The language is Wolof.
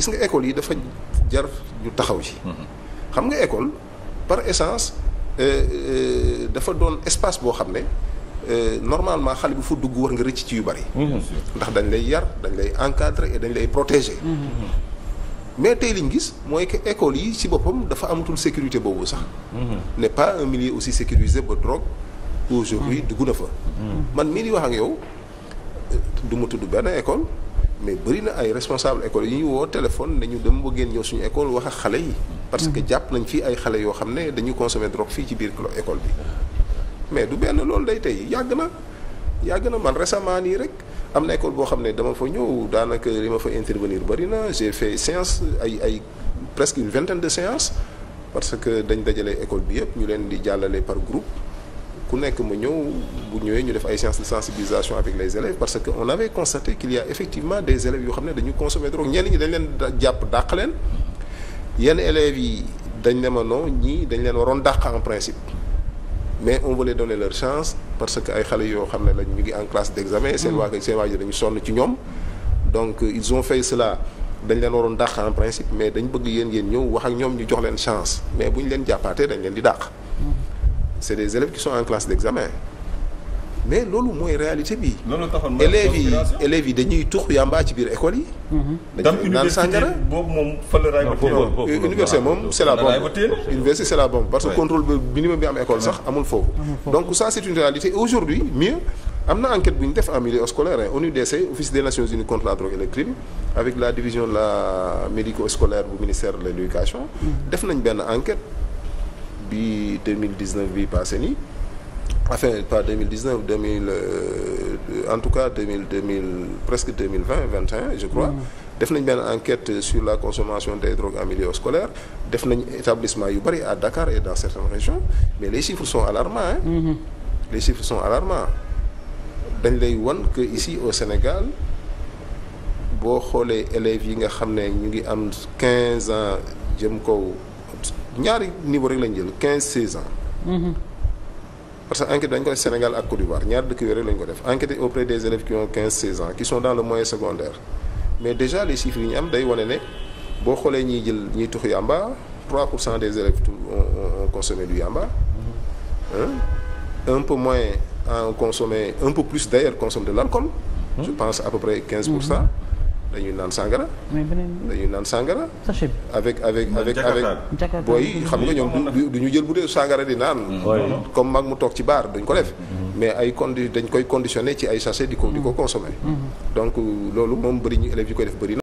gis nga école yi dafa jar ñu taxaw ci. xam nga école par essence euh, euh, dafa doon espace boo xam ne euh, normalement xale bu fa dugg war nga rëcc ci yu bari. ndax dañ lay yar dañ lay encadrer et dañ lay protéger. Mm-hmm. Mm-hmm. mais tey liñ gis mooy que école yi ci boppam dafa amatul sécurité boobu sax. Mm-hmm. n'est pas un milieu aussi sécurisé ba drogue. aujourd'hui dugg na fa. man mii wax ak yow du tudd benn école. mais bëri na ay responsable école yi ñu woo téléphone nañu dem ba génn ñëw suñu école wax ak xale yi. parce que jàpp nañ fii ay xale yoo xam ne dañu consommer drogue fii ci biir école bi. mais du benn loolu day tey yàgg na yàgg na man récemment nii rek am na école boo xam ne dama fa ñëw daanaka li ma fa intervenir bëri na j'ai fait séance ay ay presque une vingtaine de séances parce que dañ dajalee école bi yëpp ñu leen di jàllale par groupe. ku nekk ma ñëw bu ñëwee ñu def ay séances de sensibilisation avec les élèves parce que on avait constaté qu'il y a effectivement des élèves yoo xam ne dañu consommer drogue ñenn ñi dañ leen jàpp dàq leen yenn élèves yi dañ ne ma non ñii dañ leen waroon dàq en principe mais on vole donner leur chance parce que ay xale yoo xam ne lañ ñu ngi en classe d'examen seen mm. waa seen waajur dañu sonn ci ñoom donc ils ont fait cela dañ leen waroon dàq en principe mais dañ bëgg yéen yéen ñëw wax ak ñoom ñu jox leen chance mais bu leen jàppaatee dañ leen di dàq c'est des élèves qui sont en classe d'examen mais loolu mooy réalité bi. loolu taxoon élèves yi élèves yi dañuy tux yàmbaa ci biir école yi. Mhm. dañuy naan sàngara boobu moom fan la raay ba téye université moom c'est la bombe université c'est la bombe parce que contrôle ba minimum bi am école sax amul foofu. donc ça c'est une réalité aujourd'hui mieux am na enquête bu ñu def en milieu scolaire ONUDC office des nations unies contre la drogue et avec la division de la médico-scolaire bu ministère de mhm. nañ benn enquête. bi 2019 bi passé nii enfin pas 2019 2000 euh, en tout cas 2000 2000 presque 2020 21 je crois. Mm. def nañ benn enquête sur la consommation des drogues en milieu scolaire def nañ établissement yu bëri à Dakar et dans certaines régions mais les chiffres sont alarmants mm-hmm. les chiffres sont alarmants dañ lay wan que ici au Sénégal boo xoolee élèves yi nga xam ne ñu ngi am 15 ans jëm kaw. ñaari niveau rek lañ jël quinze seize ans. Mhm. parce que enquête dañ koy Sénégal ak Côte d'Ivoire ñaari dëkk yooyu rek lañ ko def enquête auprès des élèves qui ont quinze ans qui sont dans le moyen secondaire mais déjà les chiffres yi ñu am day wane ne boo xoolee ñiy jël ñiy tux yàmba 3 pour cent des élèves ont consommé du yàmba. Mhm. un peu moins ont consommé un peu plus d'ailleurs consomment de l'alcool. Mhm. je pense à peu près 15 pour cent. dañuy naan sàngara. dañuy naan sàngara. sachet bi avec avec avec avec. booy xam nga ñoom du ñu jël bu dee sàngara di naan. Mm-hmm. comme mag mu toog ci baar duñ ko def. Mm-hmm. mais ay condi dañ koy conditionné ci ay sachet di ko di ko mm-hmm. consommé. donc loolu moom bëri ñu élèves yu koy def bëri